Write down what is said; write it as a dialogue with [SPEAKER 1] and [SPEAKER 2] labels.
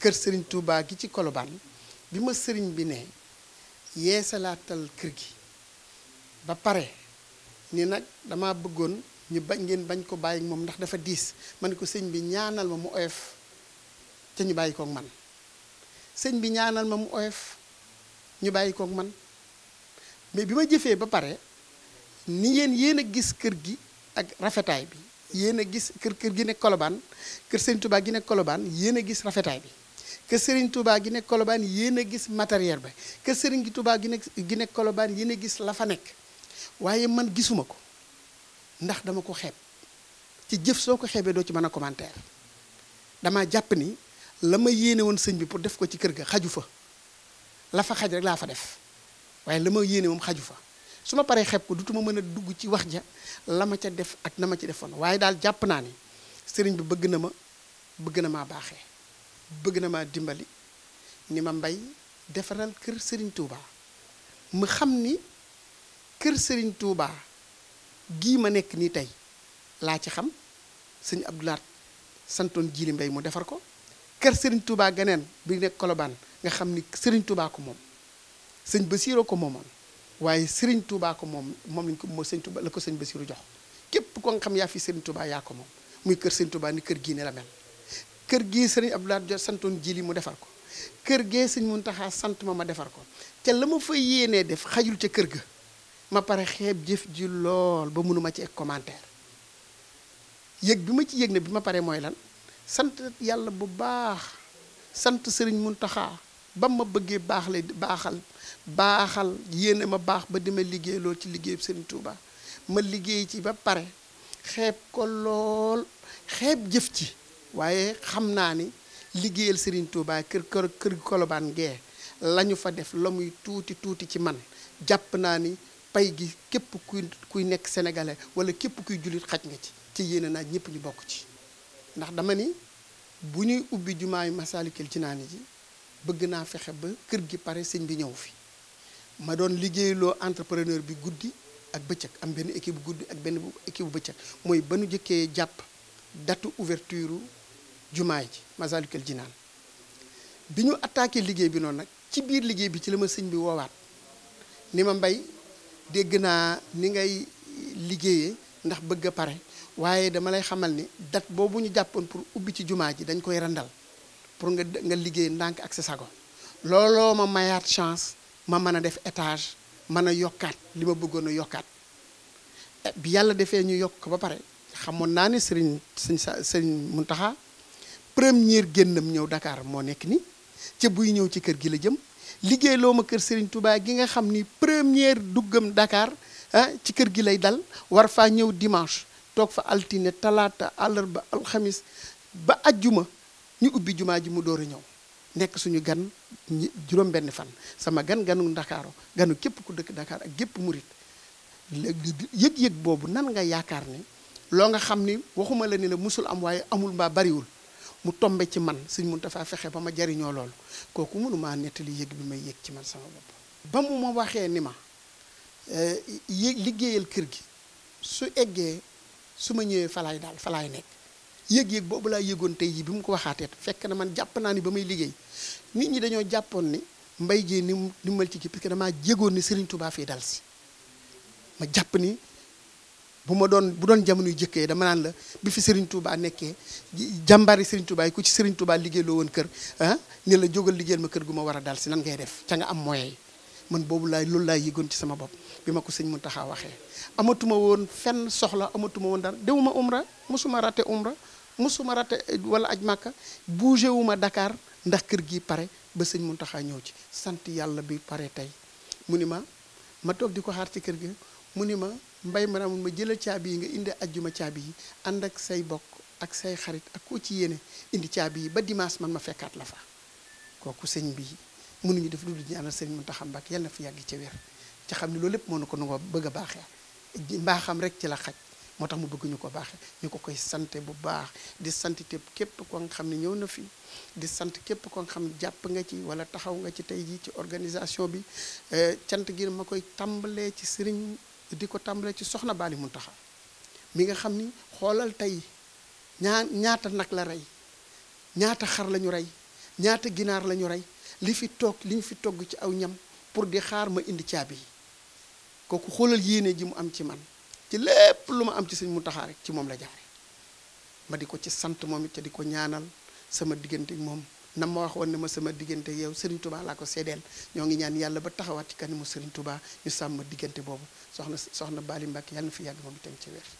[SPEAKER 1] kër sëriñ Touba gi ci koloban bi ma sëriñ bi ne yeesalaatal kër gi ba pare ni nak dama bëggoon ñu bañ ngeen bañ ko bàyyi mom ndax dafa diis man ko sëñ bi ñaanal ma mu oef ñu ko ak man sëñ bi ñaanal ma mu oef ñu ko ak man mais bima jëfé ba pare ni yeen yeena gis kër gi ak rafetay bi yeena gis kër kër gi nekk koloban kër sëñ Touba gi nekk koloban yeena gis rafetay bi que Serigne Touba gi nekk Colobane yéen gis matériel bi que Serigne Touba gi nekk gi nekk kolobaan yéen gis la fa nekk waaye man gisuma ko ndax dama ko xeeb ci jëf soo ko xeebee doo ci mën a commentaire dama jàpp ni la ma yéene woon sëñ bi pour def ko ci kër ga xaju fa la fa xaj rek laa fa def waaye la ma yéene moom xaju fa su ma paree xeeb ko dutuma mën a dugg ci wax ja la ma ca def ak na ma ci defoon waaye daal jàpp naa ni sëriñ bi bëgg na ma bëgg na maa baaxee bëgg na maa dimbali ni ma mbay defaral kër sëriñ Touba mu xam ni kër sëriñ Touba gii ma nekk nii tey laa ci xam sëñ Abdoulaat santoon jii jili mbay mu defar ko kër Serigne Touba geneen bi nekk Colobane nga xam ni Serigne Touba ko moom sëñ Basiroo ko moomoon waaye Serigne Touba moom moom lañ ko moo sëñ Touba la ko sëñ Basirou jox képp ko nga xam yaa fi Serigne Touba yaa ko moom muy kër Serigne Touba ni kër gii ne la mel. kër gii sëriñ Abdou Lahad Dior santoon jili mu defar ko kër gee sëñ Muntaxa sant ma ma defar ko te la ma fa yéenee def xajul ca kër ga ma pare xeeb jëf ji lool ba mënuma ci ek commentaire yëg bi ma ci yëg ne bi ma paree mooy lan sant yàlla bu baax sant sëriñ Muntaxa ba ma bëggee baax la baaxal baaxal yéene ma baax ba di ma liggéey lool ci liggéeyub seen Touba ma liggéey ci ba pare xeeb ko lool xeeb jëf ci waaye xam naa ni liggéeyal Serigne Touba kër kër kër Colobane gee lañu fa def la muy tuuti tuuti ci man jàpp naa ni pay gi képp kuy kuy nekk sénégalais wala képp kuy jullit xaj nga ci ci yéene naa ñëpp ñu bokk ci ndax dama ni bu ñuy ubbi jumaayu naa Jinaan ji bëgg naa fexe ba kër gi pare sëñ bi ñëw fi ma doon liggéeyloo entrepreneur bi guddi ak bëccëg am benn équipe bu guddi ak benn équipe bu bëccëg mooy ba nu jëkkee jàpp datu ouverture jumaay ji Masalikul Jinaan bi ñu attaqué liggéey bi noonu nag ci biir liggéey bi ci la ma sëñ bi woowaat ni ma mbay dégg naa ni ngay liggéeyee ndax bëgg a pare waaye dama lay xamal ni date boobu ñu jàppoon pour ubbi ci jumaa ji dañ koy randal pour nga nga liggéey ndànk ak sa sago looloo ma mayaat chance ma mën a def étage mën a yokkaat li ma bëggoon a yokkaat eh, bi yàlla defee ñu yokk ko ba pare xamoon naa ne sëriñ sëñ sa taxa Premier gennam ñew Dakar mo nek ni ci buy ñew ci kër gi la jëm liggéey loo ma kër Serigne Touba gi nga xamni premier duggam Dakar hein ah, ci kër gi lay dal war fa ñew dimanche tok fa altine talaata àllarba alxamis ba aljuma ñu ubbi juma ji mu door ñew nek suñu gan juroom benn fan sama gan ganu dakaro ganu képp ku dëkk Dakar ak gépp mourid yëg-yëg boobu nan nga yaakaar ne loo nga xam ni waxuma la ni musul am waaye amul mbaa bariwul mu tombe ci man suñ mun dafaa fexe ba ma jariñoo loolu kooku mënumaa nettali yëg bi may yëg ci man sama bopp ba mu ma waxee ni ma eh, yëg liggéeyal kër gi su eggee su ma ñëwee falaay daal falaay nekk yëg-yëg boobu laa yëgoon tey jii bi mu ko waxaatee fekk na man jàpp naa ni ba may liggéey nit ñi dañoo jàppoon ni mbay jee ni mu ni mu ci kii parce que damaa jégoon ni Serigne Touba fii dal si ma jàpp ni bu ma doon bu doon jamono yu jëkkee dama naan la bi fi Serigne Touba nekkee jàmbaari Serigne Touba yi ku ci Serigne Touba liggéey loo woon kër ah ni la jógal liggéeyal ma kër gu ma war a dal si nan ngay def ca nga am moyen man boobu laay loolu laay yëgoon ci sama bopp bi ma ko sëñ taxa waxee amatuma woon fenn soxla amatuma woon dara dewuma umra mosuma raté umra mosuma raté wala aj màkka bougé wu ma Dakar ndax kër gi pare ba sëñ mun Mountakha ñëw ci sant yàlla bi pare tey mu ni ma ma di ko xaar ci kër gi ma mbay maanaam ma jëlal caabi yi nga indi ajjuma caabi yi ànd ak say bokk ak say xarit ak ku ci yéene indi caabi yi ba dimanche man ma fekkaat la fa kooku sëñ bi mënuñu def lu dul ñaanal sëñ Muntaxa Mbàkke yàlla na fi yàgg ci ci xam ne loolu moo na ko nu bëgg a baaxee mbaaxam rek ci la xaj moo tax mu bëgg ko baaxee ñu ko koy sant bu baax di sant tépp képp ko xam ne ñëw na fi di sant képp ko nga xam jàpp nga ci wala taxaw nga ci tey jii ci organisation bi eh, cant gi ma koy tàmbalee ci sëriñ di ko tàmbale ci soxna yi Baali Muntaxa mi nga xam ni xoolal tey ñaa ñaata nag la rey ñaata xar lañu rey ñaata ginaar lañu rey li fi toog li ñu fi togg ci aw ñam pour di xaar ma indi caabi yi kooku xoolal yéene ji mu am ci man ci lépp lu ma am ci sëñ Muntaxa rek ci moom la jaare ma di ko ci sant moom it ca di ko ñaanal sama diggante moom na ma wax woon ma sama diggante yow Serigne tubaa laa ko seedeel ñoo ngi ñaan yàlla ba taxawaat ci kanamu Serigne Touba ñu sàmm diggante boobu soxna soxna Bali Mbacke yàlla na fi yàgg moom itam ci wér.